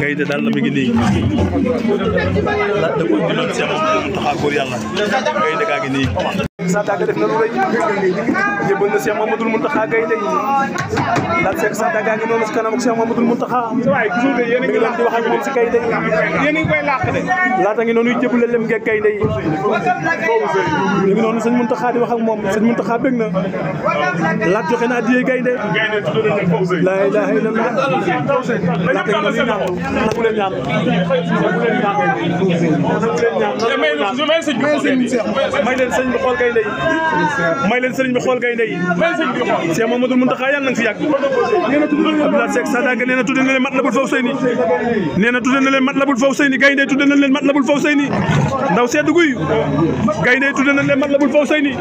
gaynde daal la mi ngi nii da ko jëloon si moom taxaa góor yàlla gaynde gaa ngi nii Sa Daga def na lu rëy yëbbal na Cheikh Mamadou Mountakha Gaynde Lat Seck Sa Daga ngi noonu si kanam ak Cheikh Mamadou Mountakha waaye toujours de yéen a ngi leen di wax ak ñoom si Gaynde yéen a ngi koy làq de laata ngi noonu jëbale lem ngeeg Gaynde yi ñu ngi noonu sëñ Mountakha di wax ak moom sëñ Mountakha bég na laat joxe na adiyee Gaynde laa ilaaha illallah laata ngi noonu ñaan nangu leen ñaan nangu leen ñaan may sëñ bi may leen sëñ bi xool gaynde yi may leen sëñ bi xool gaynde yi Cheikh Mamadou Mountakha yàlla na nga fi yàgg Abdoulaye Seck Sadaga nee na tudde na leen Matlabul Fawzayni nee na tudde na leen Matlabul Fawzayni gaynde tudde na leen Matlabul Fawzayni ndaw sedd guy gaynde tudde na leen Matlabul Fawzayni